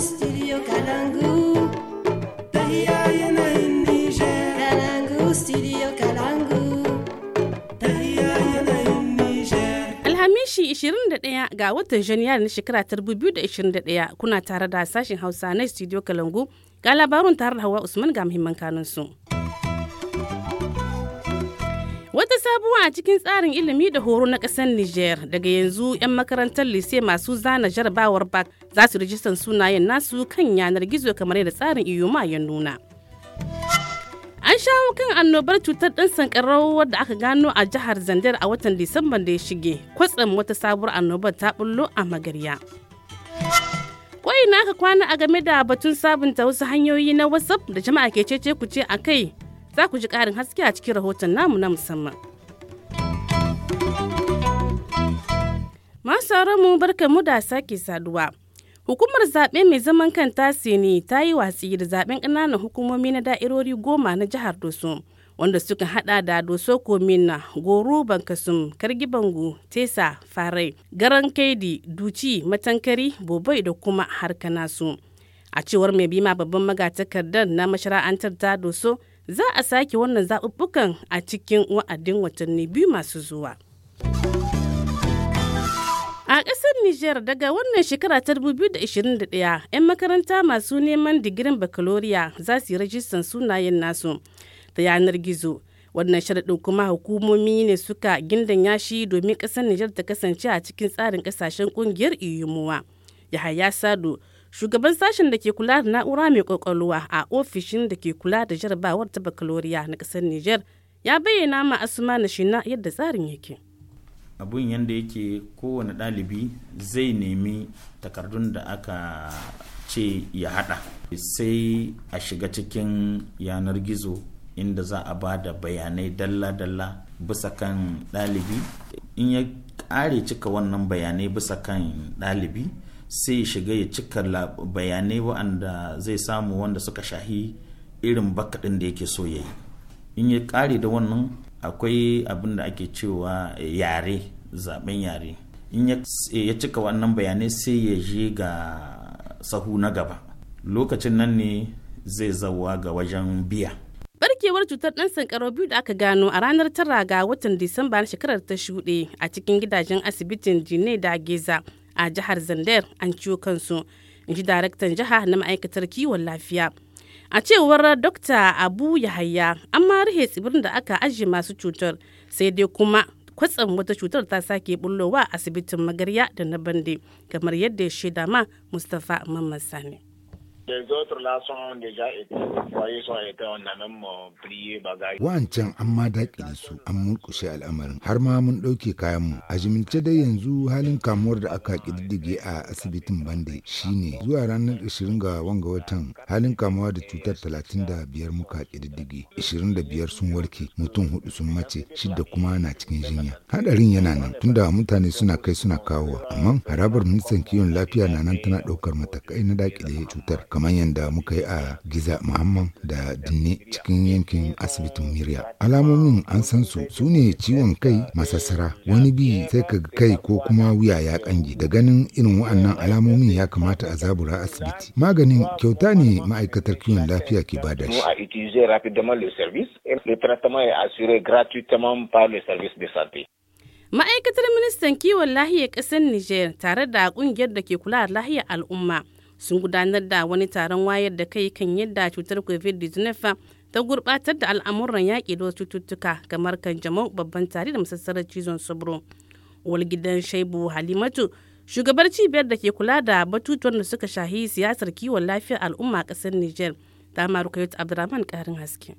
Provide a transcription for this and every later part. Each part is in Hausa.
studio Kalangu. Niger. Kalangu Kalangu. Niger. Alhamishi 21 ga watan Janairu na shekara 2021 kuna tare da sashen Hausa na studio Kalangu. Ga labarun tare da Hawa Usman ga muhimman kanunsu. su. Wata sabuwa a cikin tsarin ilimi da horo na ƙasar Nijar daga yanzu 'yan makarantar lise masu zana jarabawar bak za su rijistar sunayen nasu kan yanar gizo kamar yadda tsarin iyuma ya nuna. An shawo kan annobar cutar ɗan sankarau wadda aka gano a jihar Zandar a watan Disamban da ya shige, kwatsam wata sabuwar annobar ta bullo a magarya. Kwai na aka kwana a game da batun sabunta wasu hanyoyi na WhatsApp da jama'a ke cece ku ce a kai za ku ji ƙarin haske a cikin rahoton namu na musamman. Masu mu barkan mu da sake saduwa. Hukumar zaɓe mai zaman kanta Sini ta yi watsi da zaɓen ƙananan hukumomi na da'irori goma na jihar Doso, wanda suka haɗa da Doso Komina, Goro Bankasum, Kargibangu, Tesa, Farai, Garan Kaidi, Duci, Matankari, Bobai da kuma su A cewar mai bima babban magatakardar na mashara'antar ta Doso, za a sake wannan zaɓuɓɓukan a cikin wa'adin watanni biyu masu zuwa. A ƙasar Nijar daga wannan shekara ta 2021 'yan makaranta masu neman digirin bakaloriya za su yi rajistan sunayen nasu ta yanar gizo. Wannan sharaɗin kuma hukumomi ne suka gindan yashi domin ƙasar Nijar ta kasance a cikin tsarin ƙasashen ƙungiyar iyumuwa. Yahaya Sado shugaban sashen da ke kula da na'ura mai kwakwalwa a ofishin da ke kula da jarabawar ta bakaloriya na kasar niger ya bayyana ma asuma na shina yadda tsarin yake abun yadda yake kowane ɗalibi zai nemi takardun da aka ce ya hada sai a shiga cikin yanar gizo inda za a ba da bayanai dalla-dalla bisa kan ɗalibi in ya ƙare cika wannan bayanai bisa kan ɗalibi sai ya shiga ya cika bayanai waɗanda zai samu wanda suka shahi irin bakaɗin da yake so ya yi in ya ƙare da wannan akwai abin da ake cewa yare zaben yare in eh, ya cika wannan bayanai sai ya je ga sahu na gaba lokacin nan ne zai zawa ga wajen biya barkewar cutar ɗan sankarau biyu da aka gano a ranar tara ga watan disamba na shekarar ta shuɗe a cikin gidajen asibitin jine da geza a jihar zander an ciwo kansu, in ji daraktan jiha na ma'aikatar kiwon lafiya. A cewar Dokta Abu Yahaya, an ma rufe tsibirin da aka ajiye masu cutar, sai dai kuma kwatsam wata cutar ta sake bullowa asibitin magarya da na bande, kamar yadda ya shaida ma Mustapha Mamman Sani. Les autres là sont déjà été, sont été, prié Wancan an ma dakile su, an murkushe al'amarin, har ma mun ɗauke mu A jimince dai yanzu halin kamuwar da aka kididdige a asibitin Bande shine zuwa ranar 20 ga wanga watan halin kamuwa da cutar 35 muka kididdige 25 sun warke, mutum hudu sun mace, shidda kuma na cikin jinya. Hadarin yana nan tunda mutane suna kai suna kawowa, amma harabar ministan kiwon lafiya na nan tana ɗaukar matakai na daƙile cutar. kamar yadda muka yi a Giza Muhammad da Dinne cikin yankin asibitin Miriya. Alamomin an san su su ne ciwon kai masasara wani bi sai ka kai ko kuma wuya ya kange da ganin irin wa'annan alamomin ya kamata a zabura asibiti. Maganin kyauta ne ma'aikatar kiwon lafiya ke da shi. Ma'aikatar ministan kiwon lahiyar ƙasar Nijar tare da ƙungiyar da ke kula da lahiyar al'umma sun gudanar da wani taron wayar da kai kan yadda cutar covid-19 ta gurbatar da al'amuran yaƙi da cututtuka kamar jamau babban tare da masassarar cizon sabro walgidan shaibu halimatu shugabar cibiyar da ke kula da batutuwan da suka shahi siyasar kiwon lafiyar al'umma ƙasar niger ta maruka abdurrahman ƙarin haske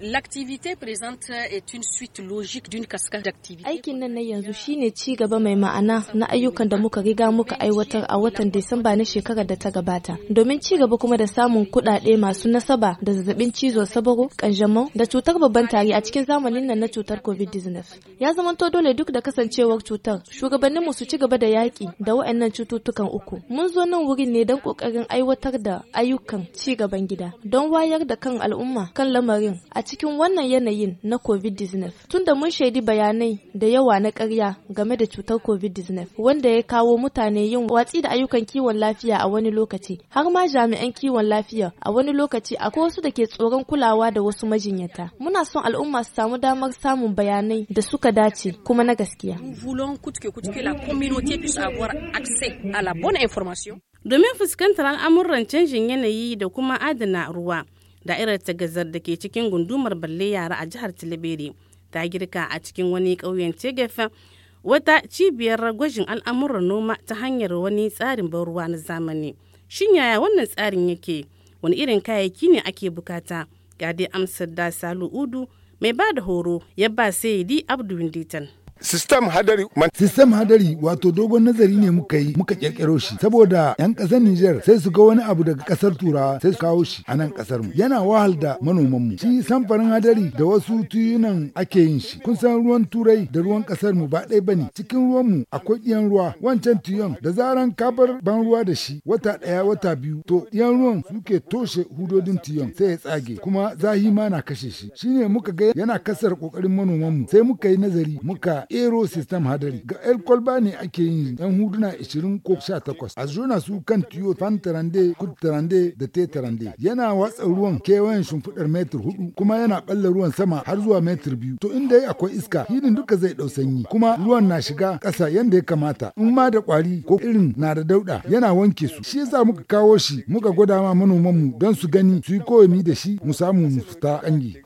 L'activité présente est une suite logique d'une cascade d'activités. Aikin nan na yanzu shine ci gaba mai ma'ana na ayyukan da muka riga muka aiwatar a watan Disamba na shekarar da ta gabata. Domin ci gaba kuma da samun kuɗaɗe masu nasaba da zazzabin cizo sabaro, kanjamau da cutar babban tari a cikin zamanin nan na cutar COVID-19. Ya zamanto dole duk da kasancewar cutar, shugabannin mu su ci gaba da yaƙi da waɗannan cututtukan uku. Mun zo nan wurin ne don ƙoƙarin aiwatar da ayyukan ci gaban gida, don wayar da kan al'umma kan lamarin a cikin wannan yanayin na COVID-19. tun da mun shaidi bayanai da yawa na karya game da cutar COVID-19 wanda ya kawo mutane yin watsi da ayyukan kiwon lafiya a wani lokaci har ma jami'an kiwon lafiya a wani lokaci akwai wasu da ke tsoron kulawa da wasu majinyata. Muna son al'umma su samu damar samun bayanai da suka dace kuma na gaskiya. Domin fuskantar al'amuran canjin yanayi da kuma adana ruwa. da'irar tagazar da ke cikin gundumar balle yara a jihar tilibiri ta girka a cikin wani ƙauyen cegefe wata cibiyar gwajin al'amuran noma ta hanyar wani tsarin ban ruwa na zamani shin yaya wannan tsarin yake wani irin kayayyaki ne ake bukata ga dai amsar da salu udu mai ba da horo ya ba sai di abdu winditan Sistem hadari. system hadari wato dogon nazari ne muka yi muka kirkiro shi saboda 'yan ƙasar Nijar sai su ga wani abu daga ƙasar Turawa sai su kawo shi a nan ƙasar mu. Yana wahal da manoman mu. Shi samfarin hadari da wasu tuyunan ake yin shi. Kun san ruwan Turai da ruwan ƙasar mu ba ɗaya bane. Cikin ruwan mu akwai ɗiyan ruwa wancan tuyon da zaran kabar ban ruwa da shi wata ɗaya wata biyu to ɗiyan ruwan suke toshe hudodin tuyon sai ya tsage kuma zahi ma na kashe shi. Shine muka ga yana kasar manoman mu sai muka yi nazari muka aero system hadari ga el kwalba ne ake yin yan huduna 20 ko 18 a zuna su kan tiyo fan tarande kud tarande da te tarande yana watsa ruwan kewayen shimfiɗar metir hudu kuma yana ɓalla ruwan sama har zuwa metir biyu to inda ya akwai iska hinin duka zai ɗau sanyi kuma ruwan na shiga ƙasa yanda ya kamata in ma da kwari ko irin na da dauɗa yana wanke su shi yasa muka kawo shi muka gwada ma manomanmu don su gani su yi koyami da shi mu samu mu fita ƙangi.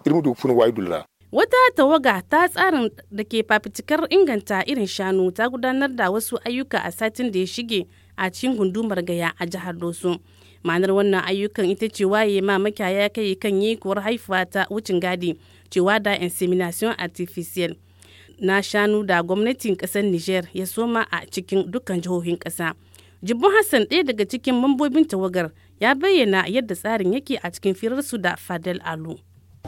Wata tawaga ta tsarin da ke fafitikar inganta irin shanu ta gudanar da wasu ayyuka a satin da ya shige a cikin gundumar gaya a jihar Doso. Ma'anar wannan ayyukan ita ce waye ma makiyaya kai kan yi yekuwar haifuwa ta wucin gadi cewa da insemination artificial na shanu da gwamnatin kasar Niger ya soma a cikin dukkan jihohin kasa. Jibbun Hassan ɗaya daga cikin mambobin tawagar ya bayyana yadda tsarin yake a cikin firarsu da Fadel Alu.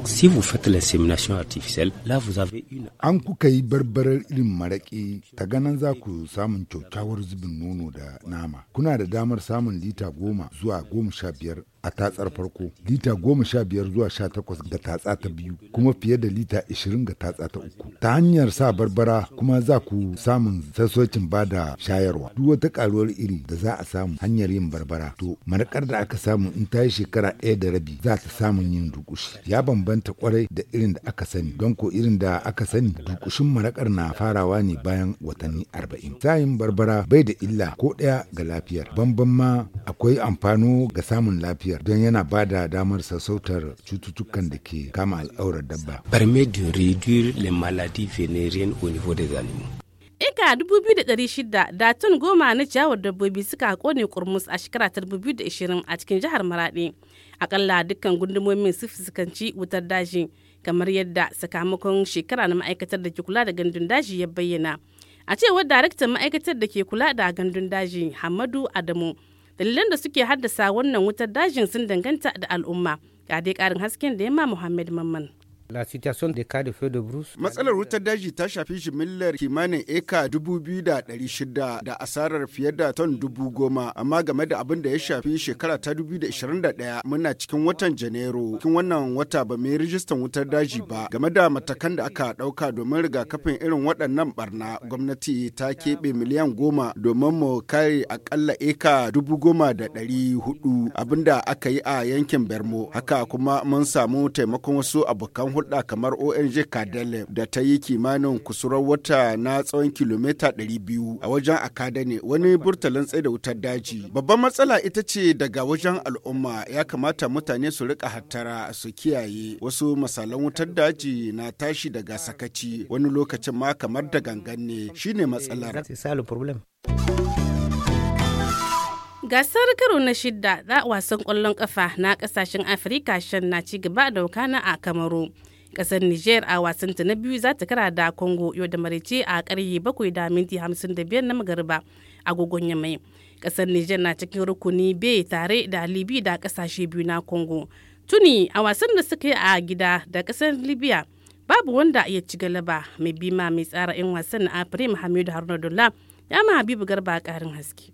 Si vous faites l'insémination artificielle, là vous avez une an kuka yi barbarar irin maraƙi ta ganin za ku samun kyaukyawar zubin nono da nama. Kuna da damar samun lita goma zuwa goma sha biyar a tatsar farko lita goma sha biyar zuwa sha takwas ga tatsa ta biyu kuma fiye da lita ishirin ga tatsa ta uku ta hanyar sa barbara kuma za ku samun sassocin ba da shayarwa duk wata karuwar iri da za a samu hanyar yin barbara to manakar da aka samu in ta yi shekara ɗaya da rabi za ta samu yin dukushi ya bambanta kwarai da irin da aka sani don ko irin da aka sani dukushin marakar na farawa ne bayan watanni arba'in sayin barbara bai da illa ko ɗaya ga lafiyar bamban ma akwai amfano ga samun lafiyar. biyar don yana ba da damar sassautar cututtukan da ke kama al'aurar dabba. Permet de réduire les maladies vénériennes au niveau des animaux. Eka 2,600 da tun goma na jawar dabbobi suka kone kurmus a shekara 2020 a cikin jihar Maraɗi. Akalla dukkan gundumomin su fuskanci wutar daji kamar yadda sakamakon shekara na ma'aikatar da ke kula da gandun daji ya bayyana. A cewar daraktan ma'aikatar da ke kula da gandun daji Hamadu Adamu dalilan da suke haddasa wannan wutar dajin sun danganta da al'umma ga dai karin hasken da yamma muhammad mamman La situation des cas de feu de brousse. Matsalar wutar daji ta shafi jimillar kimanin eka 2,600 da asarar fiye da ton dubu goma amma game da abin da ya shafi shekara ta 2021 muna cikin watan janairu cikin wannan wata ba yi rijistan wutar daji ba game da matakan da aka ɗauka domin rigakafin irin waɗannan barna gwamnati ta keɓe miliyan goma domin mu kare akalla eka dubu goma da ɗari hudu abinda aka yi a yankin bermo haka kuma mun samu taimakon wasu abokan hulɗa kamar ONG Kadele da ta yi kimanin kusurar wata na tsawon kilomita 200 a wajen Akadane wani burtalin tsaye da wutar daji. Babban matsala ita ce daga wajen al'umma ya kamata mutane su rika hattara su kiyaye wasu masalan wutar daji na tashi daga sakaci wani lokacin ma kamar da gangan ne shine matsalar. gasar karo na shidda za wasan kwallon kafa na kasashen afirka shan na ci gaba da wakana a kamaru Kasar Niger a wasanta na biyu za ta kara da Congo yau da marice a karye bakwai da minti hamsin da biyar na magariba agogon yamai. Kasar Niger na cikin rukuni B tare da Libya da kasashe biyu na Congo. Tuni a wasan da suka yi a gida da kasar Libya babu wanda ya ci galaba mai bima mai tsara 'yan wasan a Afirim Hamidu dola ya ma Habibu Garba karin haske.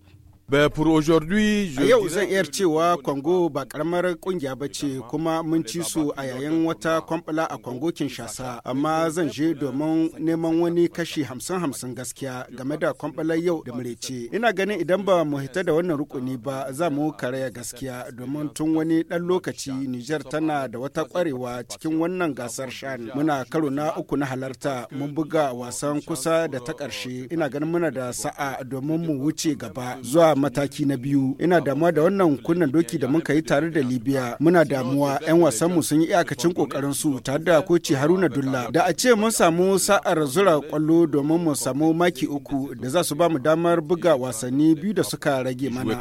Pour aujourd'hui, a yau zan iya cewa Congo ba karamar kungiya ba ce kuma mun ci su a yayin wata kwamfula a Congo Kinshasa, amma zan je domin neman wani kashi hamsin hamsin gaskiya game da kwamfular yau da murece. Ina ganin idan ba mu hita da wannan rukuni ba za mu karaya gaskiya domin tun wani dan lokaci Nijar tana da wata kwarewa cikin wannan gasar shan. Muna karo na uku na halarta mun buga wasan kusa da ta ƙarshe. Ina ganin muna da sa'a domin mu wuce gaba zuwa mataki na biyu ina damuwa da wannan kunnen doki da muka yi tare da libya muna damuwa 'yan wasanmu sun yi iyakacin kokarin su tare da koci haruna dulla da a ce mun samu sa'ar zura kwallo domin mu samu maki uku da za su ba mu damar buga wasanni biyu da suka rage mana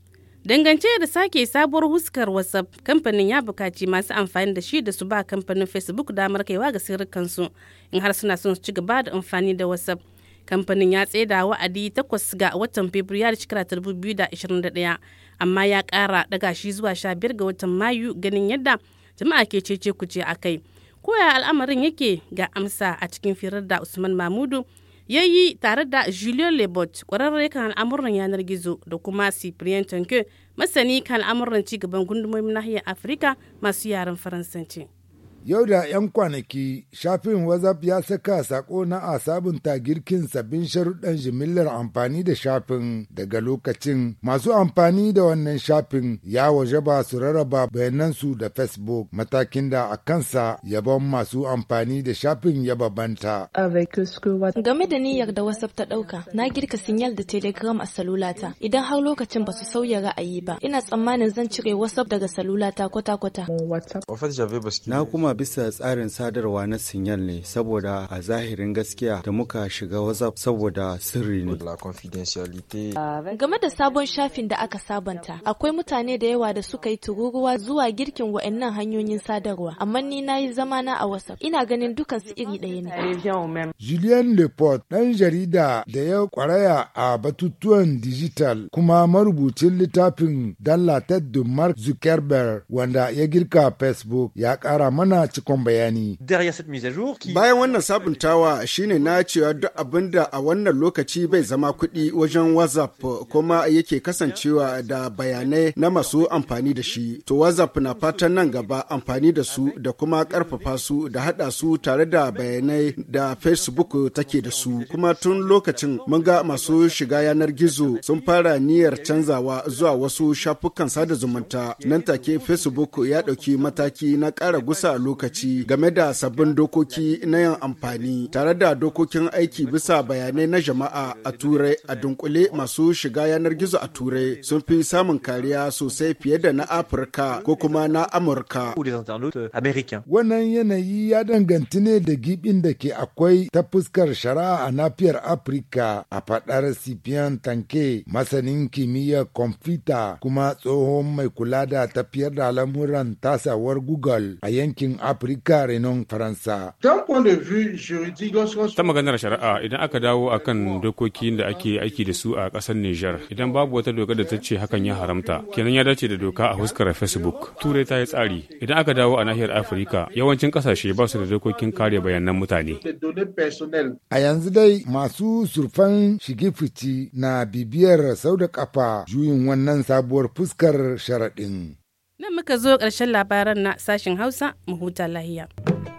Dangance da sake sabuwar huskar WhatsApp, kamfanin ya bukaci masu amfani da shi da su ba kamfanin Facebook damar kaiwa ga sirrikansu in har suna son su ci gaba da amfani da WhatsApp. Kamfanin ya tsaida wa'adi takwas ga watan Fabrairu shekara 2021, amma ya kara daga shi zuwa biyar ga watan Mayu ganin yadda jama'a ke cece kuce a kai. Koya al'amarin yake ga amsa a cikin firar da Usman Mamudu ya yi tare da Julien Lebot kwararre kan al'amuran yanar gizo da kuma Cyprien Tonke masani kan al'amuran cigaban gundumomin nahiyar Afirka masu yaren Faransanci. Yau da 'yan kwanaki, shafin WhatsApp ya saka sako na a sabunta girkin sabbin sharuɗan jimillar amfani da shafin daga lokacin. Masu amfani da wannan shafin ya waje ba su rarraba bayanansu da Facebook matakin da a kansa yabon masu amfani da shafin ya babanta. Game da niyyar da WhatsApp ta ɗauka, na girka sinyal da Telegram a salulata. Idan har lokacin ba su sauya ra'ayi ba, ina tsammanin zan cire WhatsApp daga salulata kwata-kwata. Na kuma koma bisa tsarin sadarwa na sinyal ne saboda a zahirin gaskiya da muka shiga WhatsApp saboda sirri ne. Game da sabon shafin da aka sabanta, akwai mutane da yawa da suka yi tururuwa zuwa girkin wa'annan hanyoyin sadarwa, amma ni na yi na a WhatsApp. Ina ganin dukan su iri ɗaya ne. julian Leport, ɗan jarida da ya kwaraya a batutuwan dijital kuma marubucin littafin Dalla Ted Mark Zuckerberg wanda ya girka Facebook ya ƙara mana mana bayani. Bayan wannan sabuntawa shine na cewa duk abin da a wannan lokaci bai zama kuɗi wajen WhatsApp kuma yake kasancewa da bayanai na masu amfani da shi. To WhatsApp na fatan nan gaba amfani da su da kuma ƙarfafa su da haɗa su tare da bayanai da Facebook take da su. Kuma tun lokacin mun ga masu shiga yanar gizo sun fara niyyar canzawa zuwa wasu shafukan sada zumunta. Nan take Facebook ya ɗauki mataki na ƙara gusa lokaci game da sabbin dokoki na yin amfani tare da dokokin aiki bisa bayanai na jama'a a turai a dunkule masu shiga yanar gizo a turai sun fi samun kariya sosai fiye da na afirka ko kuma na amurka euh, wannan yanayi ya danganti ne da gibin da ke akwai ta fuskar shari'a a nafiyar afirka a fadar sipian tanke masanin kimiyyar kwamfuta kuma tsohon mai kula da tafiyar da lamuran tasawar google a yankin Afirka renon Faransa. Ta maganar shari'a idan aka dawo a kan dokokin da ake aiki da su a ƙasar Nijar idan babu wata doka da ta ce hakan ya haramta kenan ya dace da doka a huskar Facebook. Turai ta yi tsari idan aka dawo a nahiyar Afirka yawancin ƙasashe ba su da dokokin kare bayanan mutane. A yanzu dai masu surfan shige fici na bibiyar sau da kafa juyin wannan sabuwar fuskar sharaɗin. Nan muka zo ƙarshen labaran na sashen Hausa mu huta lahiya.